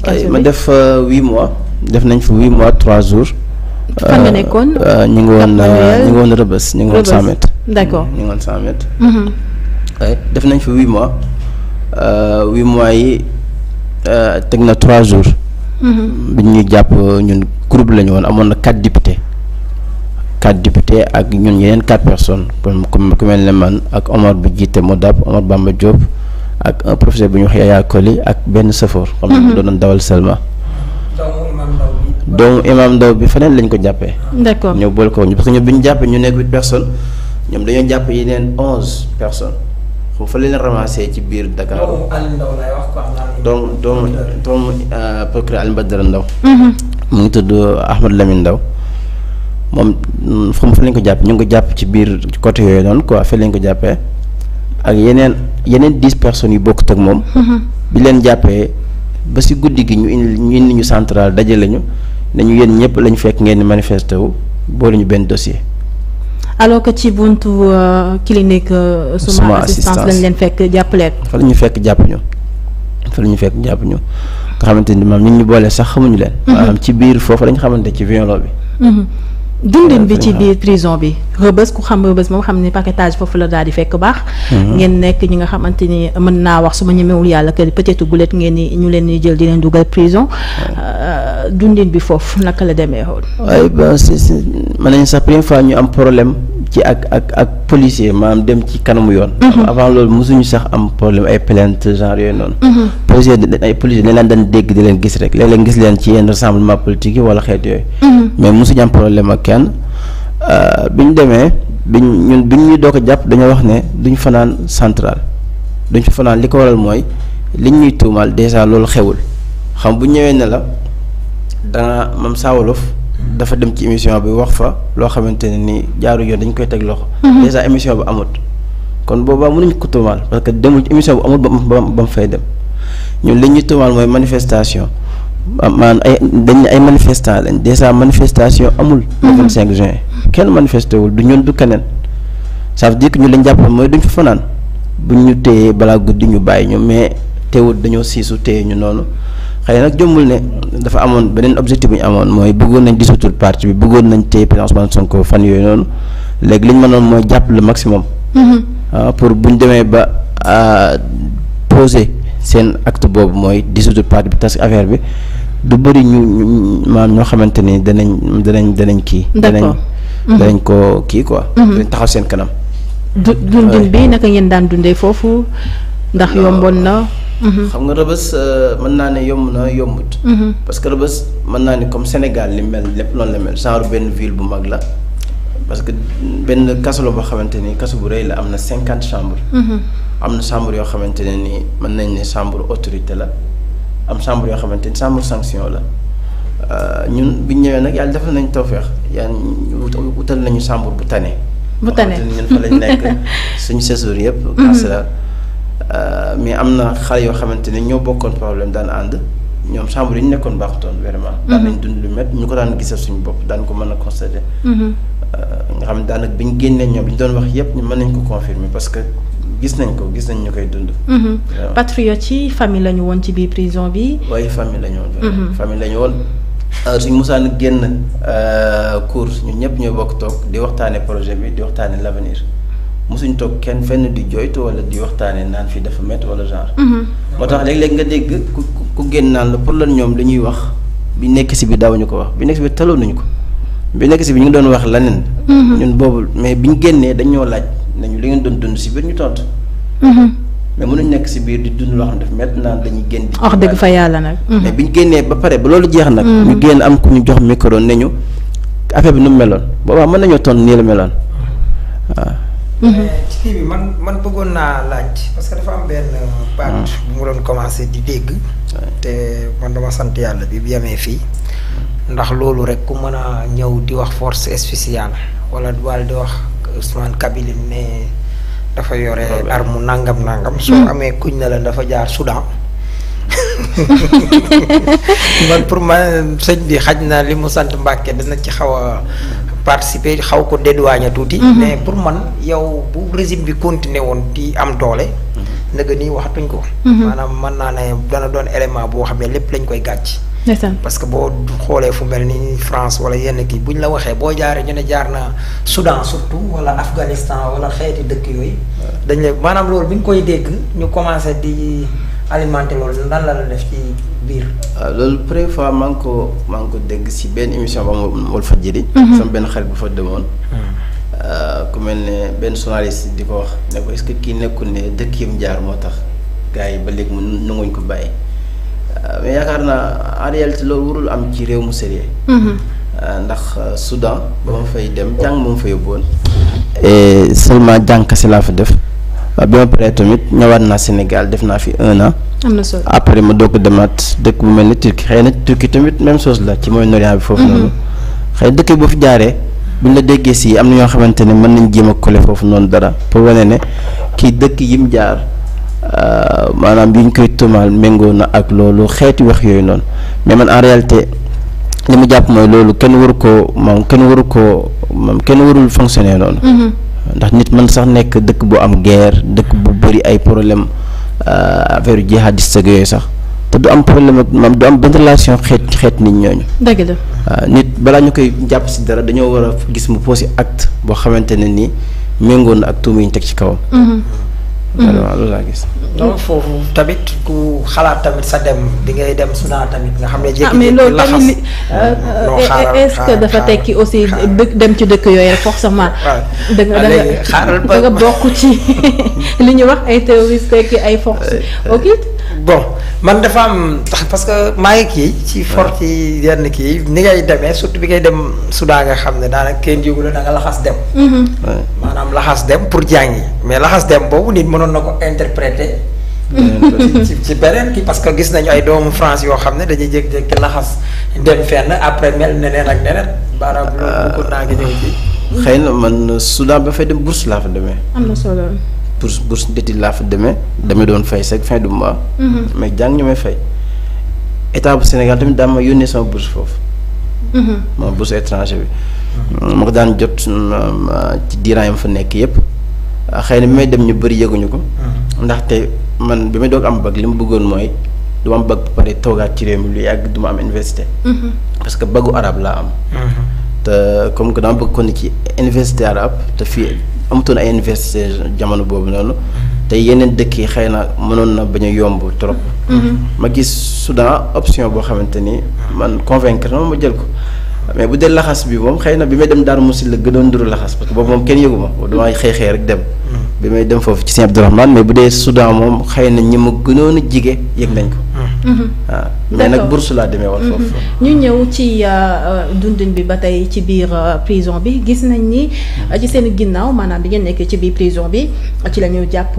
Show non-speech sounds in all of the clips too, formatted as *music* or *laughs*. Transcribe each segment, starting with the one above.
ci ma def euh, huit mois def nañ fa huit mois trois jours. fan euh, nekkoon. Euh, ñu ngi woon ñu ngi woon Rëbës ñu ngi woon cent mètres. ñu ngi woon cent def nañ fa huit mois huit mois yi teg na trois jours. Mm-hmm. bi ñuy jàpp ñun groupe la ñu woon amoon na quatre députés quatre députés ak ñun yeneen quatre personnes comme ku mel ne man ak Omar bi jiite Modap Omar Bamba Diop. ak un professeur bu ñu wax Yaya Koli ak benn safoor. xam nga doon dawal seulement. doomu imam ndaw bi feneen lañ ko jàppee. d'accord ñoo boole ko parce que ñoom bi ñu jàppee ñu nekk huit personnes ñoom dañoo jàpp yeneen onze personnes foofu la leen ramassé ci biir Dakar. doomu Aliou Ndao lay wax quoi. doomu doomu euh, procureur Alioune Badara mm-hmm. mu ngi tudd Ahmed Lamine Ndao moom fu mu fa lañ ko jàpp ñu ngi ko jàpp ci biir côté yooyu noonu quoi fa lañ ko jàppee. ak yeneen yeneen dix personnes yi bokk ak moom. Mm-hmm. bi leen jàppee ba si guddi gi ñu indi ñu indi ñu central dajale ñu na ñu yéen ñëpp lañu fekk ngeen di manifester wu boole ñu benn dossier. alors que ci buntu euh, clinique. Euh, suma assistance lañ leen fekk jàppale. fa la ñu fekk jàpp ñu fa la ñu fekk jàpp ñu nga xamante ni maam ñu ñu boole sax xamuñu leen. Mm-hmm. maanaam ci biir foofu lañ xamante ci violon bi. Mm-hmm. dundin bi ci biir prison bi rëbës ku xam rëbës moom xam ne paquetage foofu la daal di fekk baax. Mhm. ngeen nekk ñi nga xamante ni mën naa wax su ma ñemewul yàlla que peut-être gulet ngeen ni ñu leen di jël di leen dugal prison euh, dundin bi foofu naka la demee woon. man ba si si mën nañu sax première fois ñu am problème ci ak ak ak policier maanaam dem ci kanamu yoon. Mhm. avant loolu mosuñu sax am problème ay plainte genre yooyu noonu. Mhm. policier ay policier leen daan dégg di leen gis rek léeg-léeg gis leen ci yenn rassemblement politique yi wala kenn euh, bi ñu demee biñ ñun biñ ñu doog a jàpp dañoo wax ne duñ fanaan central duñ fa fanaan li ko waral mooy liñ ñuy tuumaal dèjà loolu xewul xam bu ñëwee ne la danga mam saawolof dafa dem ci émission bi wax fa loo xamante ne ni jaaru yoon dañ koy teg loxo. Mhm. dèjà émission bi amut. kon boobaa mënuñ ko tuumaal parce que demul ci émission bu amut ba mu fay dem ñun li ñuy tuumaal mooy manifestation. maanaam ay dañ ay manifestants lañ dèjà manifestation amul. le mhm. juin kenn manifesté wul du ñun du keneen ça veut dire que ñu lañ jàppal mooy duñ fa fanaan bu ñu téyee balaa guddi ñu bàyyi ñu mais teewul dañoo siisu téye ñu noonu xëy nag jëmmul ne dafa amoon beneen objectif bu ñu amoon mooy bëggoon nañ dissoudre parti bi bëggoon nañ téye président Ousmane Sonko fan yooyu noonu léegi li ñu mënoon mooy jàpp le maximum. Mhm. Ah, pour bu ñu demee ba ah, poser. seen acte boobu mooy dissoudre parti bi tas affaire bi du bëri ñu maam ñoo xamante ni danañ danañ danañ kii. danañ mhm. danañ ko kii quoi. Mhm. danañ taxaw seen kanam. du dundin bi naka ngeen daan dundee foofu ndax yomboon na. Mhm. xam nga rëbës euh, mën naa ne yomb na yombut. parce que rëbës mën naa ne comme Sénégal li mel lépp noonu la mel genre benn ville bu mag la parce que benn kaso la boo xamante ni kaso bu rëy la am na cinquante chambres. am na chambre yoo xamante ne ni mën nañ ne chambre autorité la am chambre yoo xamante ni chambre sanction la euh, ñun bi ñëwee nag yàlla defal nañ tawféex yàlla wutal nañu chambre bu tane. bu tane ñun fa lañ nekk *laughs* suñu séjour yëpp. Mhm. grâce la euh, mais am na xale yoo xamante ne ñoo bokkoon problème daan ànd ñoom chambre yi ñu nekkoon baaxutoon vraiment. Mhm. daan nañ dund lu métti ñu ko daan gisal suñu bopp daan ko mën a constater. Mhm. Euh, nga xam ne daanaka bi ñu génnee ñoom li ñu doon wax yëpp ñu mën nañ ko confirmer parce que. gis nañ ko gis nañ ñu koy dund. Mhm. patriotes yi famille la ñu woon ci biir prison bi. waaye famille la ñu woon. Mhm. famille la ñu woon euh, suñ musaan génn euh, cours ñun ñëpp ñoo bokk toog di waxtaane projet bi di waxtaane l'avenir mosuñ toog kenn di jooytu wala di waxtaane naan fii dafa métti wala genre. Mhm. moo tax léeg-léeg nga dégg ku ku génn naan la pour lan ñoom li ñuy wax bi nekk si bi daawuñu ko wax bi nekk si bi taloo nañu ko bi nekk bi ñu ngi doon wax leneen. ñun boobu mais biñ génnee dañ laaj. nañu li ngeen doon dund si biir ñu tontu. Mhm. mais mun mënuñ nekk si biir di dund loo xam ne daf dañuy génn. di wax dëgg fa yàlla nag. Mhm. mais bi ba pare ba loolu jeex nag. Mhm. ñu am ku ñu jox micro ne ñu affaire bi nu meloon boobaa mën nañoo tontu nii la meloon waaw. ci kii bi man bëggoon naa laaj parce que dafa am benn baat ah. bu mu doon commencé di dégg. te man dama sant yàlla bi bi yemee fii. ndax loolu rek ku mën a ñëw di wax force spéciale wala wala di wax. Ousmane Kabilim ne dafa yore armu nangam nangam. soo hmm. amee kuñ na la dafa jaar sudan *laughs* man pour ma sëñ bi xaj na li mu sant Mbàkke dana ci xaw a participer xaw ko dédouaner tuuti. Hmm. mais pour man yow bu régime bi continuer woon di am doole. Hmm. ndëgg nii waxatuñ ko. maanaam mën naa ne dana doon élément boo xam ne lépp lañ koy gàcc. parce que boo xoolee fu mel ni France wala yenn kii bu ñu la waxee boo jaaree ñu ne jaar na Soudan surtout wala Afghanistan wala xeeti dëkk yooyu. dañ lay maanaam loolu bi ñu koy dégg ñu commencé di alimenter loolu la la ah, loolu fois maa ko maa ngi ko dégg si benn émission ba mu fa jëri. benn xarit bu fa demoon. Hmm. Ah, ku ne benn journaliste di ko wax ne kii nekkul ne dëkk yi jaar moo tax gars yi ba léegi mu nanguñ ko bàyyi. Euh, mais yaakaar naa en réalité loolu warul am ci réew mu sérieux mhm. euh, ndax euh, Soudan ba ma fay dem jàng moom fa yóbboon et seulement jàng kese laa fa def bi ma paree tamit ñëwaat naa Sénégal def naa fi un an am na après ma doog demaat dëkk bu mel ni Turquie xëy na Turquie tamit même chose la ci mooy Orient bi foofu mhm. noonu xëy dëkk boo fi jaaree buñ la déggee si am na ñoo xamante ne mën nañ jéem a collé foofu noonu dara pour wane ne kii dëkk yim jaar Euh, maanaam bi ñu koy tuumaal méngoo na ak loolu xeeti wax yooyu noonu mais man en réalité li mu jàpp mooy loolu kenn waru koo moom kenn waru koo moom kenn warul fonctionner noonu. Mm-hmm. ndax nit man sax nekk dëkk boo am guerre dëkk bu bëri ay problème euh, affaire jihadiste ak yooyu sax te du am problème ak moom du am benn relation xeet xeet nit ñooñu. dëgg euh, nit balaa ñu koy jàpp si dara dañoo war a gis mu posé acte boo xamante ne nii méngoo ak tuuma yi teg ci kawam. Mm-hmm. vraiment mm-hmm. loolu laa gis. donc foofu tamit ku xalaat tamit sa dem bi ngay dem sunaa tamit nga xam ne. Ah, jékki-jékki mais loolu tamit mm-hmm. euh, euh, est dafa tekki aussi dëkk dem ci dëkk yooyu rek forcément. *laughs* da nga ah, da *laughs* bokk ci *laughs* li ñu wax ay terroriste tekki ay force occulte. bon man dafa am tax parce que maa ngi kii ci fort ci yenn kii ni ngay demee surtout bi ngay dem Soudan nga xam ne daanaka kenn jógu la da laxas dem mhm. maanaam laxas dem pour jàngi mais laxas dem boobu nit mënoon na ko interpréter ci mhm. *laughs* ci beneen kii parce que gis nañu ay doomu France yoo xam ne dañuy jékki-jékki laxas dem fenn après mel neneen ak neneen baaraam lu ko euh, naa ngi ñëw ci xëy na man Soudan ba fay dem bourse laa fa demee am na solo bourse bourse d'étude laa fa demee dama doon fay chaque fin du ma mhm. mais jàng ñu may fay état bu Sénégal tamit daa ma yónnee sama bourse foofu. Mhm. moom bourse étranger bi. Mhm. ma ko daan jot mm, ci diiran yam fa nekk yépp ah, xëy na bi may dem ñu bëri yëguñu ko. ndaxte man bi may doog am bac li mu bëggoon mooy du ma am bac ba pare toogaat ci réew mi lu yàgg du ma am université. parce que bagu arabe laa am. te comme que dama bëgg ko ni ci université arabe te fii. amatoon ay université jamono boobu noonu. te yeneen dëkk yi xëy na mënoon na bañ a yomb trop. Mhm. ma gis Soudan option boo xamante ni man convaincre na ma jël ko. mais bu dee laxas bi moom xëy na bi may dem daan Moussi la gënoon nduru laxas parce que boobu moom kenn yëgu ma mhm. damay xëy xëy rek dem. Mhm. bi may dem foofu ci Sëñ Abdourahmane mais bu dee Soudan moom xëy na ñi ma gënoon a jige yëg nañ ko. waaw mm-hmm. ah. mais nag bourse laa demee woon foofu. Mm-hmm. ñu ñëw ci euh, euh, dundin bi ba tey ci biir euh, prison bi gis nañ ni ci seen ginnaaw maanaam di ngeen nekkee ci biir prison bi ci la ñu jàpp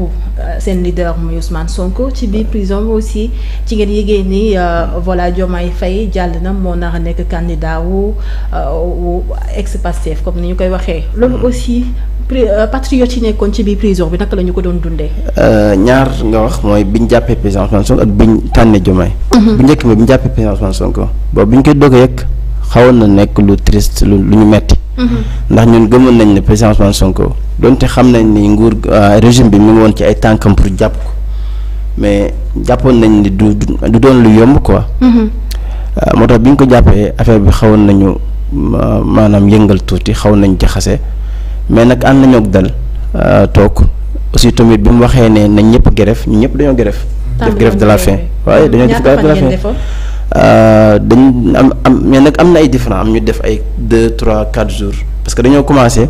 seen leader mu Ousmane Sonko ci biir prison bi aussi ci ngeen yëgee ni voilà Diomaye Faye jàll na moo nar a nekk candidat wu wu ex Pastef comme ni ñu koy waxee loolu mm-hmm. aussi. Euh, patriote yi nekkoon ci biir prison bi naka la ko doon dundee. Euh, ñaar nga wax mooy bi ñu jàppee président Ousmane Sonko ak bi ñu tànnee Diomaye. Mhm. bu njëkk bi bi jàppee président Ousmane Sonko bi ñu koy a yëg xawoon lu ñu metti mhm. ndax ñun gëmoon nañ ne président Ousmane Sonko donte xam nañ ni nguur euh, bi mu ngi woon ci ay tànkam pour jàpp ko mais jàppoon nañ ni du du doon lu yomb quoi. Mhm. moo tax bi ñu ko jàppee affaire bi xawoon nañu maanaam yëngal tuuti xaw nañ jaxase. mais nag ànd nañoo dal euh, toog aussi tamit bi mu waxee ne nañ ñëpp grève ñu ñëpp dañoo grève def grève de la faim waaye dañoo def grève de la faim euh, dañ am am mais nag am na ay différent am ñu def ay deux trois quatre jours parce que dañoo commencé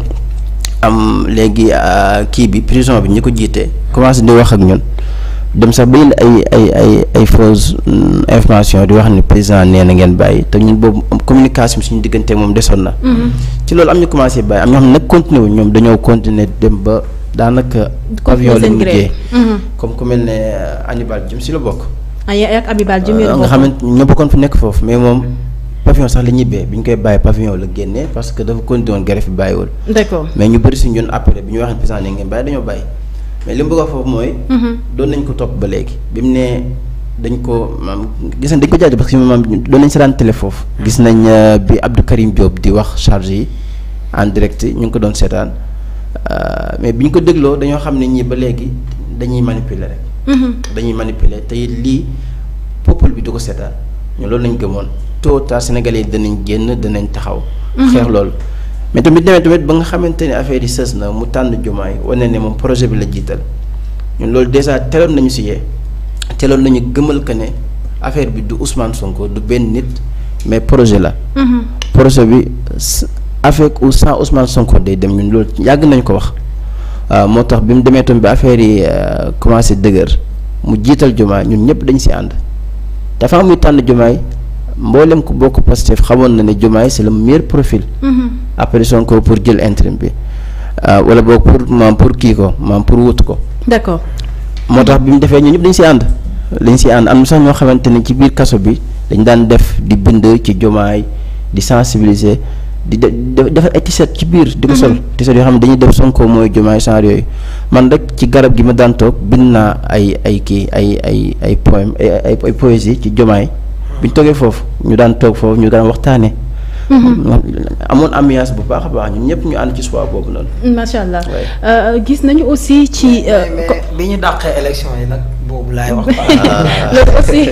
am léegi euh, kii bi prison bi ñu ko jiitee commencé di wax ak ñun dem sax ba indi ay ay ay ay information di wax ni président nee na ngeen bàyyi te ñu boobu communication suñu diggante moom desoon na. Mm-hmm. ci loolu am ñu commencé bàyyi am ñoo xam ne nag continuer wu ñoom dañoo continuer dem ba daanaka. avion la mujjee mm-hmm. comme ku mel ne euh, Hannibal Djim si la bokk. Ah, ak Hannibal Djim euh, ñoo bokkoon fu nekk foofu mais moom. pavillon sax la ñibbee bi ñu koy bàyyi pavillon la génnee parce que dafa continué woon grève bi bàyyiwul. mais ñu bëri si ñun après bi ñu wax ne président nee ngeen bàyyi dañoo bàyyi. mais li mu bëgg foofu mooy. Mhm. doon nañ ko topp ba léegi bi mu nee dañ ko maam gis nañ dañ ko jaajëf parce que maam doon nañ si daan foofu. Mhm. gis nañ euh, bi Abdou Karim Diop di wax charge yi en direct ñu ngi ko doon seetaan euh, mais bi ñu ko dégloo dañoo xam ne ñi ba léegi dañuy manipuler rek. Mhm. dañuy manipuler tey it lii peuple bi du ko seetaan ñu loolu nañ gëmoon tôt ou tard sénégalais danañ génn danañ taxaw. xeex loolu. mais bi demee tamit ba nga xamante ne affaire yi sës na mu tànn jumaay wane ne moom projet bi la jiital ñun loolu dèjà teloon nañu si yee teloon nañu gëmal que ne affaire bi du Ousmane Sonko du benn nit mais projet la. Mm-hmm. projet bi avec ou sans Ousmane Sonko day dem ñun loolu yàgg nañu ko wax euh, moo tax bi mu demee tamit ba affaire yi euh, commencé dëgër mu jiital jumaay ñun ñëpp dañu si ànd dafa am muy tànn jumaay. mboolem ku bokk Pastef xamoon na ne Diomaye c'est le meilleur profil. Mm-hmm. après Sonko pour jël intérim bi euh, wala boog pour maam pour kii ko maam pour wut ko. d'accord moo tax bi mu defee ñu ñëpp dañ si ànd. dañ si ànd am sax ñoo xamante ne ci biir kaso bi dañ daan def di bind ci Diomaye di sensibiliser di def defar ay tiset ci biir. di ko sol mm-hmm. tiset yoo xam ne dañu def Sonko mooy Diomaye genre yooyu man rek ci garab gi ma daan toog bind naa ay ay kii ay ay ay poème ay ay poésie ci Diomaye. bi ñu toogee foofu ñu daan toog foofu ñu daan waxtaanee. Mhm. amoon ambiance bu baax a baax ñun ñëpp ñu ànd ci choix boobu noonu. macha allah euh, gis nañu aussi ci. Euh, bi ñu dàqee élection yi nag boobu laay wax. *laughs* loolu aussi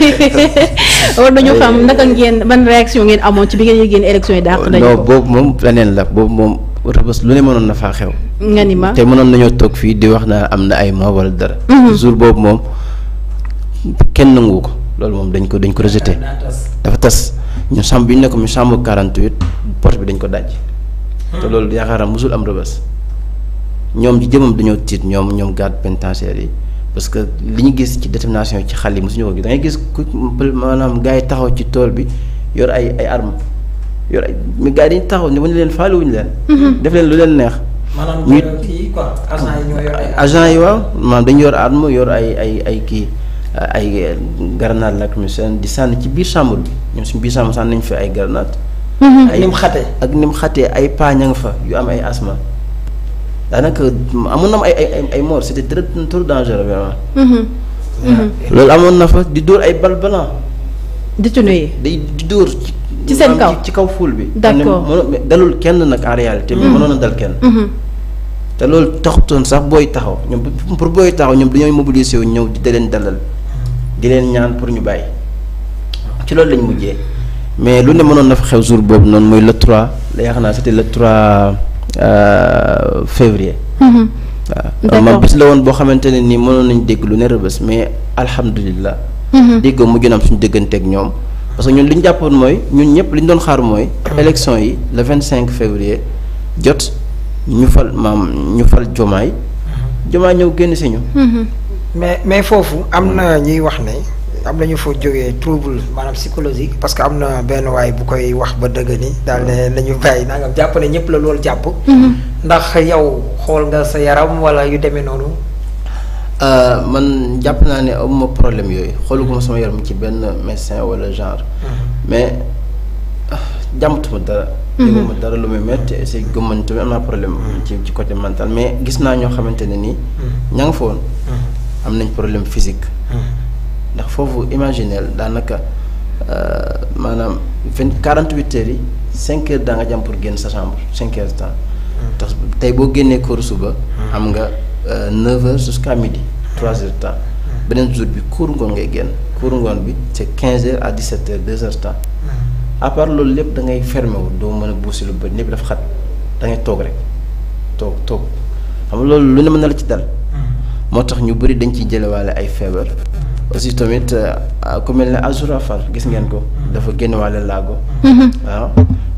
*laughs* war nañu xam naka ngeen man réaction ngeen amoon ci bi ngeen yëgee élection yi dàq nañu ko. non boobu moom leneen la boobu moom rëbës lu ne mënoon na faa xew. nga ni ma te mënoon nañoo toog fii di wax na am na ay ma wala dara. Mhm. jour boobu moom kenn nangu ko. loolu moom dañ ko dañ ko rejeté dafa tas ñu sàmm bi ñu ne ko mu sàmm 48 porte bi dañ ko daj. te loolu yaakaar naa mosul am rëbës ñoom ci jëmam dañoo tiit ñoom ñoom garde pénitentiaire yi parce que li ñu gis ci détermination ci xale yi mosuñu ko gis da gis ku maanaam gars yi taxaw ci tool bi yor ay ay armes yor ay mais gars yi dañu taxaw ne wuñu leen faale wuñu leen. Mhm. def leen lu leen neex. maanaam kii quoi agent yi ay. agent yi waaw maanaam dañu yor arme yor ay ay ay kii. ay grenade lacrymogène di sànni ci biir chambre bi ñoom suñu biir chambre sànni nañ fi ay grenade mhm. ay ni mu ak ni mu xatee ay paa ña nga fa yu am ay asma daanaka amoon na am ay ay de mort c'était très trop dangereux vraiment. Mhm. Mhm. loolu amoon na fa di dóor ay bal balan. détenu yi di dóor. ci seen kaw ci kaw foule bi. d'accord dalul kenn nag en réalité. mais mënoon na dal kenn. te loolu taxutoon sax booy taxaw ñoom pour booy taxaw ñoom dañoo mobiliser wu ñëw di leen dalal. di leen ñaan pour ñu bàyyi ci loolu lañ mujjee mais lu ne mënoon na fa xew jour boobu noonu mooy le 3 la yaakaar naa c'était le 3 euh, février. Mm-hmm. waaw bis la woon boo xamante ne nii mënoon nañ dégg lu ne rëbës mais alhamdulilah. Mm-hmm. déggoo mujj na am suñu dégganteeg ñoom. parce que ñun li ñu jàppoon mooy ñun ñëpp li doon xaar mooy. Mm-hmm. élection yi le cinq février jot ñu fal maam ñu fal jomaay. jomaay ñëw génn si ñu. mais mais foofu am na ñuy wax ne am na ñu fa jógee trouble maanaam psychologique parce que am na benn waay bu koy wax ba dëgg ni daal ne nañu bàyyi naa jàpp ñëpp la loolu jàpp. Mhm. ndax yow xool nga sa yaram wala yu demee euh, man jàpp naa ne amuma problème yooyu xooluguma sama yaram ci benn médecin wala genre. Mhm. mais jàmmatuma dara. Mhm. dégguma dara lu muy métti si gëmmante bi am naa problème. ci ci côté mental mais gis naa ñoo xamante ne nii. ña nga am nañ problème physique. Hmm. ndax foofu imaginel daanaka euh, maanaam vingt quarante huit heures yi cinq heures daa jàmm pour génn sa chambre cinq heures temps. Hmm. tax tey boo génnee cours suba. Hmm. am nga euh, neuf heures jusqu'à midi trois heures temps. beneen jour bi cours ngoon ngay génn cours ngoon bi c'est quinze heures à dix sept heures deux heures temps. à loolu lépp da ngay fermé wu doo mën a buusi lu bëri lépp dafa xat da ngay toog rek toog toog xam nga loolu lu ne mën na la ci dal. moo tax ñu bëri dañ ciy jëlewaale ay feebar aussi tamit euh, ku mel ne Azoura Fall gis ngeen ko dafa génn waale laago waaw mm-hmm. ah,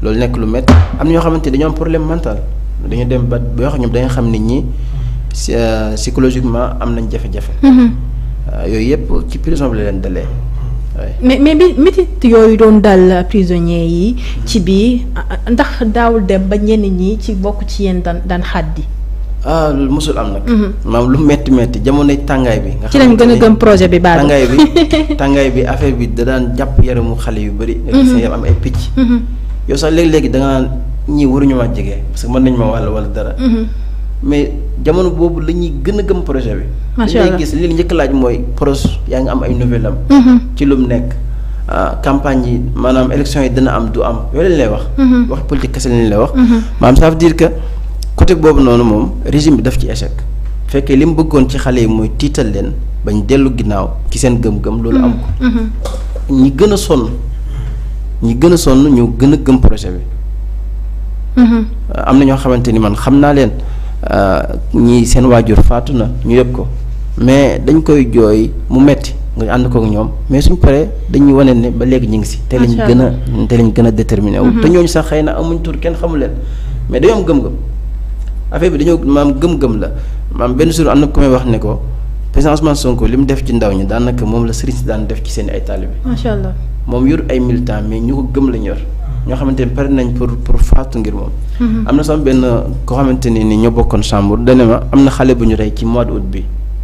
loolu nekk lu métti am na ñoo xamante dañoo am problème mental dañu dem ba boo dañu xam nit ñi euh, psychologiquement am nañ jafe mm-hmm. ah, yooyu yëpp ci prison bi la leen mais mais bi métit yooyu doon dal prisonniers yi ci biir ndax daawul dem ba ñenn ñi ci bokk ci yéen daan daan xaddi ah loolu mosul am nag. maanaam mhm. lu metti metti jamonoy tàngaay bi. nga ci lañ gën a gëm projet bi baax tàngaay bi *laughs* tàngaay bi affaire bi da daan jàpp yaramu xale yu bëri. Mhm. seen yaram am ay picc. Mhm. yow sax léegi-léegi da nga ñii waruñu maa jege parce mën nañ ma wàll wala dara. mais jamono boobu la ñuy gën a gëm projet bi. macha allah gis li li laaj mooy projet yaa ngi am ay nouvelle am. ci lu mu nekk. Ah, campagne yi maanaam élection yi dana am du am yooyu lañ lay wax. wax politique kese lañ lay wax. maanaam ça veut dire côté boobu noonu moom régime bi daf ci échec fekkee li mu bëggoon ci xale yi mooy tiital leen bañ dellu ginnaaw ci seen gëm-gëm loolu am ko mm-hmm. Mm-hmm. ñi gën a sonn ñi gën a sonn ñoo gën a gëm projet bi mm-hmm. am na ñoo xamante ni man xam naa leen euh, ñi seen waajur faatu na ñu yëpp ko mais dañ koy jooy mu metti nga ànd kook ñoom mais suñ paree dañuy wane ne ba léegi ñu ngi si te lañ gën a te lañ gën a wu te ñooñu sax xëy na amuñ tur kenn xamu leen mais dañoo am affaire bi dañoo maam gëm-gëm la maam benn suur am na ku may wax ne ko président Ousmane Sonko li mu def ci ndaw ñi daanaka moom la sëriñ si daan def ci seen ay taalibe. macha allah moom yor ay militants mais ñu ko gëm lañ ñoo xamante ne pare nañ pour pour faatu ngir moom. Mm-hmm. am na sama benn koo xamante ne ni ñoo bokkoon chambre dane ma am na xale bu ñu rey ci mois d'août bi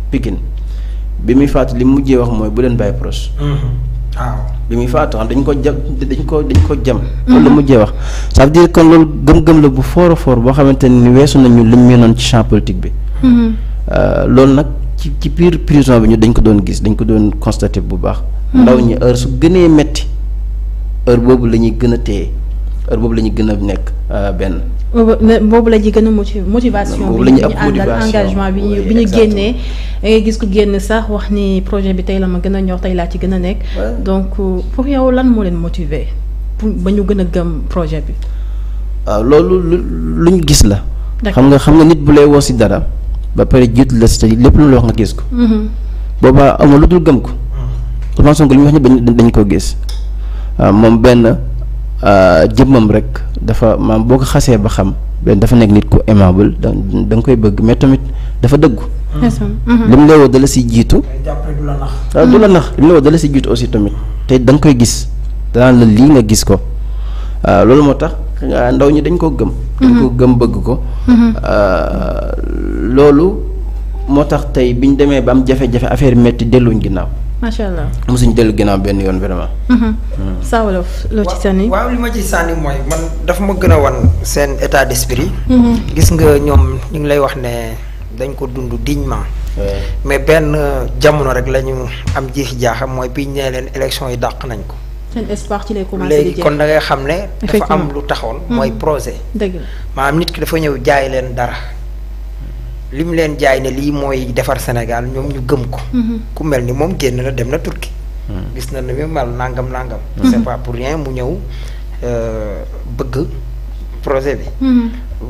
Pikine bi muy faatu li mu mujjee wax mooy bu leen bàyyi proche. Mm-hmm. waaw bi muy faatu xam dañ ko jam dañ ko dañ ko jam mm-hmm. loolu la mujjee wax ça veut dire que loolu gëm-gëm la bu fort a fort boo xamante ni weesu nañu liñ mënoon ci champ politique bi mm-hmm. euh, loolu nag ci ci biir prison bi ñu dañ ko doon gis dañ ko doon constaté bu baax mm-hmm. ndaw ñi heure su gënee metti heure boobu la ñuy gën a téye heure boobu la ñuy gën a nekk euh, benn boobu la ji gën a motiv motivation bi ñu àndal engagement bi ñu bi ñu génnee da gis ko génn sax wax ni projet bi tey la ma gën a ñor tey laa ci gën a nekk donc euh, pour yow lan moo leen motiver pour ba ñu gën a gëm projet bi waaw ah, loolu lu luñ gis la xam nga xam nga nit bu lay woo si dara ba pare jiitu la lépp lu la wax nga gis ko mm-hmm. boobaa amul lu dul gëm ko mm. Ousmane Sonko li ñu wax ne dañ koo gis waaw ah, moom benn Euh, jëmmam rek dafa maam boo ko xasee ba xam benn dafa nekk nit ku aimable da koy bëgg mais tamit dafa dëggu. li mu dala si jiitu. waaw du la nax li mu lay woo aussi tamit te da koy gis danaan la lii nga gis ko ah, loolu moo tax ndaw ñi dañ koo gëm. dañ ko gëm bëgg ko. Mm-hmm. Ah, loolu moo tax tey bi ñu demee ba am jafe-jafe affaire metti delluñ ginnaaw. macha allah suñ dellu ginnaaw benn yoon vraiment. Mhm. Hmm. Saa Wolof loo ci sànni. waaw li ma ci sànni mooy man dafa ma gën wan seen état d'esprit. Mhm. gis nga ñoom ñu ngi lay wax ne dañ ko dund dignement mais benn jamono rek la ñu am jiix jaaxam mooy biñ nee leen élection yi dàq nañ ko. seen espoir léegi kon da xam ne. dafa am lu taxoon mooy mhm. projet. dëgg la maanaam nit ki dafa ñëw jaay leen dara. li mu leen jaay ne lii mooy defar Sénégal ñoom ñu gëm ko. Mhm. ku mel ni moom génn la dem na turki mhm. gis na ne mu mal nangam nangam. Mhm. c'est pas pour rien mu ñëw euh, bëgg projet bi.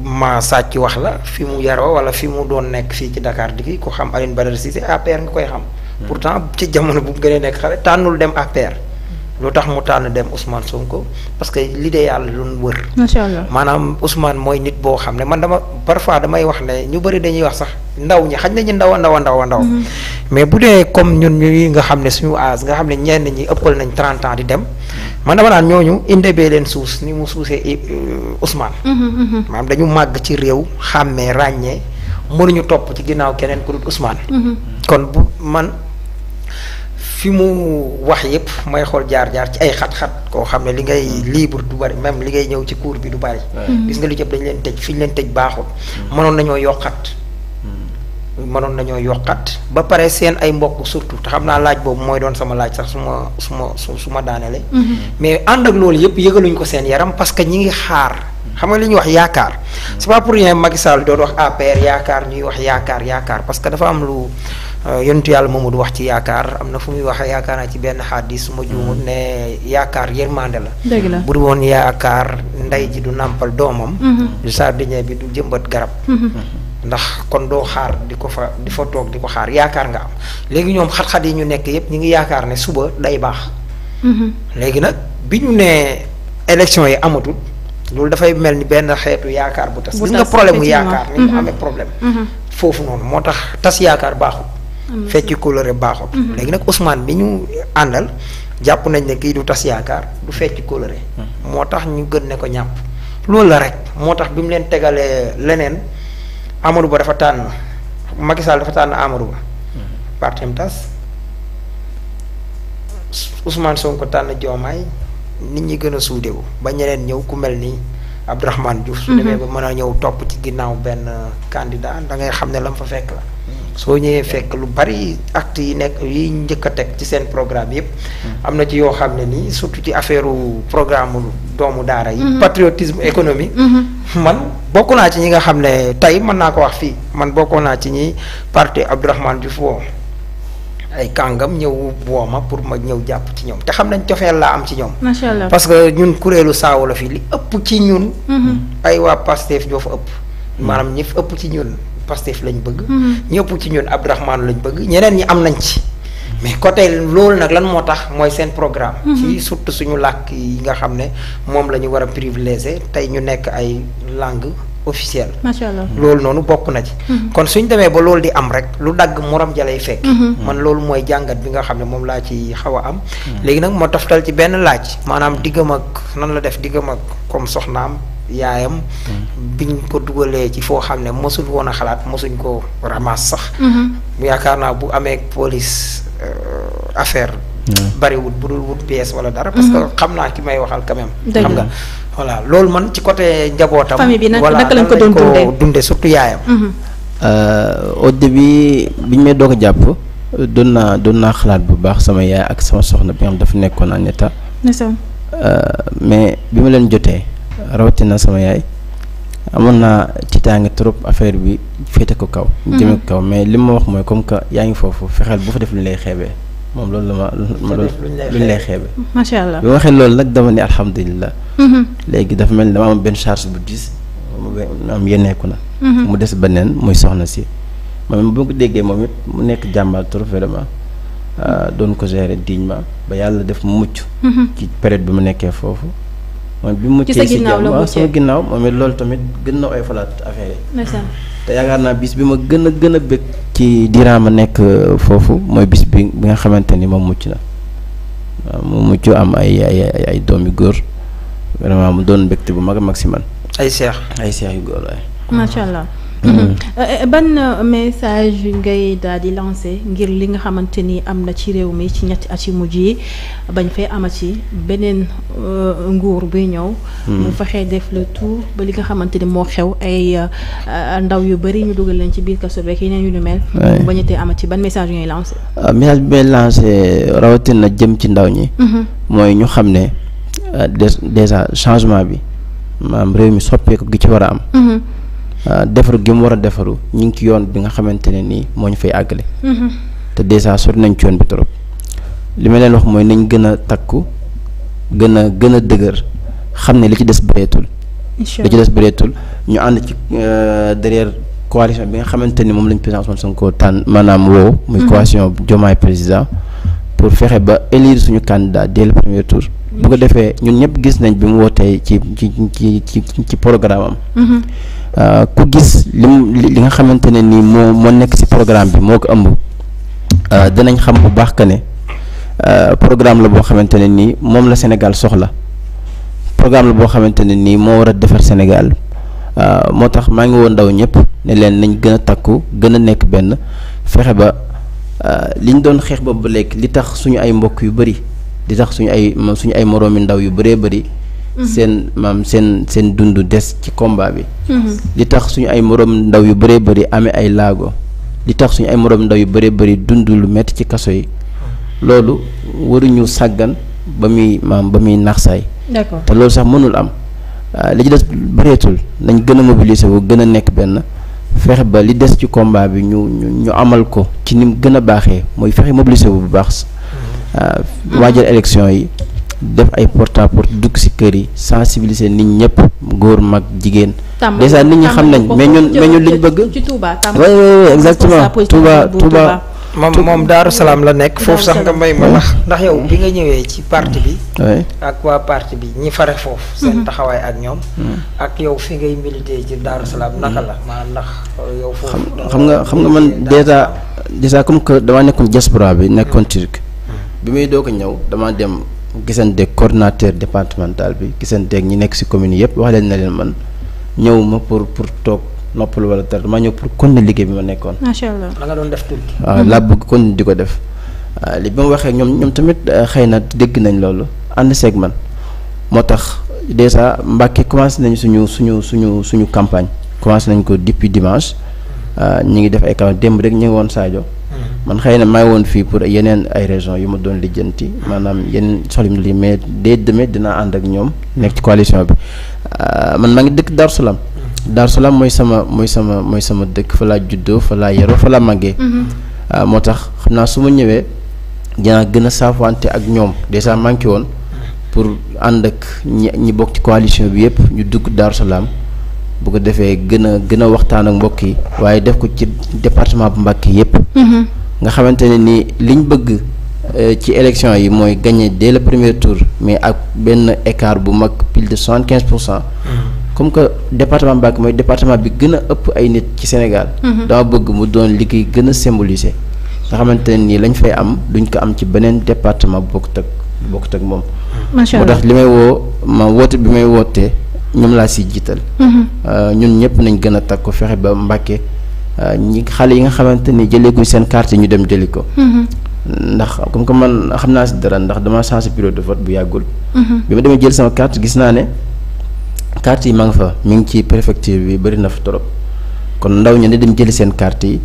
ma sàcc wax la fi mu yaroo wala fi mu doon nekk fii ci dakaar di ki ko xam Alioune Badara Cissé nga koy xam. pourtant ci jamono bu mu gënee nekk xale tànnul dem APR. lu tax mu tànn dem Ousmane Sonko parce que l'idéal la doon wër. macha allah maanaam Ousmane mooy nit boo xam ne man dama parfois damay wax ne ñu bëri dañuy wax sax ndaw ñi xaj nañu ndaw a ndaw a ndaw a ndaw. Mhm. mais bu dee comme ñun ñuy nga xam ne suñu âge nga xam ne ñenn ñi ëppal nañ 30 ans di dem man dama naan ñooñu indebee leen suus ni mu suusee eh, euh, Ousmane. Mhm, mhm. maanaam dañu màgg ci réew xàmmee ràññee mënuñu topp ci ginnaaw keneen ku dul kon bu man. fi mu wax yëpp may xool jaar-jaar ci ay xat-xat koo xam ne li ngay libre du bari même li ngay ñëw ci cours bi du bari gis nga lu jëpp dañ leen tëj fi ñu leen tëj baaxul mm. mënoon nañoo yokkat mm. mënoon nañoo yokkat ba pare seen ay mbokk surtout te xam naa laaj boobu mooy doon sama laaj sax su ma su ma su su ma daanele mm-hmm. mais ànd ak loolu yëpp yëgaluñ ko seen yaram parce que ñi ngi xaar xam nga li ñuy wax yaakaar mm. c'est pas pour rien Macky Sall doon wax APR yaakaar ñuy wax yaakaar yaakaar parce que dafa am lu Euh, yonentu yàlla Mamadou wax ci yaakaar am na fu muy waxee yaakaar naa ci benn xaadis ma juumut ne yaakaar yërmande la. dëgg la bu du woon yaakaar ndey ji du nàmpal doomam. Mhm. du sardine bi du jëmbat garab. Mhm. ndax kon doo xaar di ko fa di fa toog di ko xaar yaakaar nga am léegi ñoom xat-xat yi ñu nekk yépp ñu ngi yaakaar ne suba day baax. Mhm. léegi nag bi ñu nee élection yi amatul loolu dafay mel ni benn xeetu yaakaar bu tas. gis nga problème mu yaakaar ni mu amee problème. foofu noonu moo tax tas yaakaar baaxul. fecc kóllëre baaxul. Mhm. léegi nag Ousmane bi ñu àndal jàpp nañ ne kii du tas yaakaar du fecc kóllëre. Mhm. moo tax ñu gën ne ko ñàpp. loolu la rek moo tax bi mu leen tegalee leneen amaru Ba dafa tànn Macky Sall dafa tànn Amadou Ba. Mhm. partem tas Ousmane ko tànn Diomaye nit ñi gën a suudewu ba ñeneen ñëw ku mel ni Abdourahmane Diouf. su demee ba mën a ñëw topp ci ginnaaw benn candidat da xam ne la mu fa fekk la. soo ñëwee fekk lu bari act yi nekk yi njëkk a teg ci seen programme yëpp. Mm. am na ci yoo xam ne nii surtout ci affaire programme doomu daara yi. Mm-hmm. patriotisme économie. Mm-hmm. man bokk naa ci ñi nga xam ne tey mën naa ko wax fii man bokkoon naa ci ñi parti Abdourahmane Diouf woo ay kàngam ñëw wooma pour ma ñëw jàpp ci ñoom te xam nañ cofeel laa am ci ñoom. macha allah parce que ñun kuréelu saawala fii li ëpp ci ñun. Mm-hmm. ay waa Pastef ñoo fa ëpp. maanaam ñi ëpp ci ñun. Pastef lañu bëgg. Mhm. ñëpp ci ñun Abdourahmane lañ bëgg ñeneen ñi am nañ ci. mais côté loolu nag lan moo tax mooy seen programme. Mhm. ci surtout suñu làkk yi nga xam ne moom la ñu war a privilégié tey ñu nekk ay langue officiel. macha allah loolu noonu bokk na ci. Mm-hmm. kon suñ demee ba loolu di am rek lu dagg moroom jalay fekk. Mm-hmm. Mm-hmm. man loolu mooy jàngat bi nga xam ne moom laa ci xaw am. léegi nag ma toftal ci benn laaj maanaam diggam ak nan la def diggam ak comme soxnaam. yaayam biñ ko dugalee ci foo xam ne mosul woon a xalaat mosuñ ko ramasse sax yaakaar naa bu amee police euh, affaire bariwut bu dul wut pièce wala dara parce xam naa ki may waxal quand xam nga voilà loolu man ci côté njabootam. famille bi naka naka lañ ko doon dundee ko dundee surtout yaayam. Mhm. Euh, au début bi ñu may doog a jàpp doon naa doon naa xalaat bu baax sama yaay ak sama soxna bi nga xam dafa nekkoon en état. Euh, mais bi ma leen jotee rawatina sama yaay amoon naa tiitaange trop affaire bi féete ko kaw. Mhm. jëmee ko kaw mais li ma wax mooy comme que yaa ngi foofu fexeel bu fa def lu lay xeebee. moom loolu la ma ma doon luñ lay xeebe macha allah bi waxee loolu nag dama ne alhamdulilah mm-hmm. léegi dafa mel ni dama am benn charge bu diis mu am na mm-hmm. mu des beneen muy soxna si moom boo ko déggee moom it mu nekk jàmbaar trop vraiment euh, doon ko gérer ma ba yàlla def mu mucc mm-hmm. ci période bi mu nekkee foofu moom bi mu muccee si jàmm waaw sama ginnaaw moom it loolu tamit gën na oy falaat affaire yi te yaakaar naa bis bi ma gën a gën a bëgg ci diiraam a nekk euh, foofu mooy bis bi bi nga xamante ni moom mucc na mu mucc am ay ay ay doomi góor vraiment mu doon mbégte bu mag a mag si man ay seex ay seex yu góor waaye macha allah Euh, euh, ban euh, message ngay daal di lancé ngir li nga xamante ni am na ci réew mi ci ñetti at yu mujj yi bañ fee amat amati beneen nguur buy ñëw. Hmm. mu fexee def le tour ba li nga xamante ni moo xew ay ndaw yu bari ñu dugal leen ci biir kaso beeg yeneen yu ñu mel. bañ a amati ban message ngay lancé. Ah, message bi may rawatin na jëm ci ndaw ñi. Mm-hmm. mooy ñu xam ne déjà changement bi maanaam réew mi soppeeku gi ci war a am. Mm-hmm. Euh, defaru gi mu war a defaru ñu ngi ci yoon bi nga xamante ne nii moo ñu fay àggale. Mm-hmm. te dèjà sori nañ ci yoon bi trop li ma leen wax mooy nañ gën a takku gën a gën a dëgër xam ne li ci des bëreetul. li ci des bëreetul ñu ànd ci euh, derrière coalition bi nga xamante ni moom lañ président Ousmane Sonko tànn maanaam woow muy mm-hmm. coalition Diomaye président pour fexe ba élire suñu candidat dès le premier tour. bu ko defee ñun ñëpp gis nañ bi mu wootee ci ci ci ci ci programme am. Mm-hmm. Euh, ku gis lim li nga xamante ne nii moo moo nekk ci programme bi moo ko ëmb euh, dinañ xam bu baax que ne euh, programme la boo xamante ne nii moom la Sénégal soxla programme la boo xamante ne nii moo war a defar Sénégal moo tax maa ngi woon ndaw ñëpp ne leen nañ gën a takku gën a nekk benn fexe ba li ñu doon xeex ba ba léegi li tax suñu ay mbokk yu bëri di tax suñu ay suñu ay moroomi ndaw yu baree bari Mm-hmm. seen maam seen seen dund des ci combat bi. li mm-hmm. tax suñu ay moroom ndaw yu bëree bëri amee ay laago li tax suñu ay moroom ndaw yu bëree bëri dund lu metti ci kaso yi loolu waruñu sàggan ba muy maam ba muy naxsaay. d'accord te loolu sax mënul am ah, li ci des bëreetul nañ gën a mobiliser wu gën a nekk benn. fexe ba li des ci combat bi ñu ñu amal ko ci ni mu gën a baaxee mooy fexe mobiliser bu baax mm-hmm. ah, waajal élection yi def ay porte port porte ci kër yi sensibiliser nit ñëpp góor mag jigéen. déjà nit ñi xam nañ mais ñun mais ñun li ñu bëgg. ci Touba exactement Touba Touba. moom moom Daaru Salaam la nekk foofu sax nga may ma ndax ndax yow bi nga ñëwee ci parti bi. ak waa parti bi ñi fare foofu. seen mhm. taxawaay ak ñoom. Hmm. ak yow fi ngay milité ci Daaru Salaam hmm. naka la maanaam ndax yow. foofu xam nga xam nga man déjà déjà comme que damaa nekkoon diaspora bi nekkoon hmm. turc bi may doo a ñëw damaa dem. gisanteeg cordinateur départemental bi gisanteeg ñi nekk ci commune yëpp wax leen na leen man ñëw ma pour pour toog noppal wala dara damaa ñëw pour continuer liggéey bi ma nekkoon. macha allah da def tuuti. laa bëgg continuer di ko def ah, li ba mu waxee ñoom ñoom tamit ah, xëy na dégg nañ loolu ànd seeg man moo tax déjà Mbàkke commencé nañ suñu suñu suñu suñu campagne commencé nañ ko depuis dimanche ah, ñu ngi def ay campagne démb rek ñu ngi woon Sadio. man xëy na maa ngi woon fii pour yeneen ay raison yu ma doon lijjanti maanaam yeneen soxla yu mais dès demee dinaa ànd ak ñoom. nekk ci coalition bi euh, man maa ngi dëkk Darou Salaam. Darou mooy sama mooy sama mooy sama dëkk fa laa juddoo fa laa yaroo fa laa màggee. Mm-hmm. Euh, moo tax xam naa su ma ñëwee dinaa gën a saafante ak ñoom dèjà manqué woon pour ànd ak ñi ñi bokk ci coalition bi yëpp ñu dugg Darou bu ko defee gën a gën a waxtaan ak mbokk yi waaye def ko ci département bu Mbàkke yépp mm-hmm. nga xamante ne ni liñ bëgg euh, ci élection yi mooy gagné dès le premier tour mais ak benn écart bu mag pile de soixante quinze pour cent. Mm-hmm. comme que département Mbacké mooy département bi gën a ëpp ay nit ci Sénégal. Mm-hmm. dama bëgg mu doon liggéey gën a symboliser. nga xamante ne nii lañ fay am duñ ko am ci beneen département bokkut ak bokkut ak moom. macha allah moo tax li may woo ma woote bi may woote ñoom laa si jiital. Mm-hmm. Euh, ñun ñëpp nañ gën a ko fexe ba Mbacké. ñi xale yi nga xamante ni jëleeguñ seen carte ñu dem jëli ko. Mm-hmm. ndax comme que man xam naa si dara ndax dama changé bureau de vote bu yàggul. Mm-hmm. bi ma demee jël sama carte gis naa ne carte yi ma nga fa mu ngi ci préfecture bi bëri na fa trop kon ndaw ñu ne dem jëli seen carte yi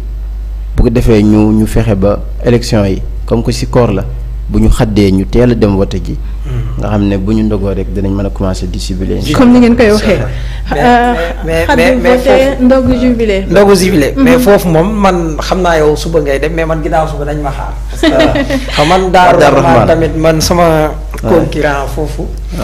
bu ko defee ñu ñu fexe ba élection yi comme que si koor la. bu ñu xaddee ñu teel a dem wote ji. Mm-hmm. nga xam ne bu ñu ndogoo rek dinañ mën a commencer di jubilé. comme ni ngeen koy waxee. Euh, mais mais mais foofu ndogu jubilé. ndogu jubilé mm-hmm. mais foofu moom man xam naa yow suba ngay dem mais man ginnaaw suba dañ ma xaar. parce que *laughs* xam man daaru man tamit man sama. concurrent foofu.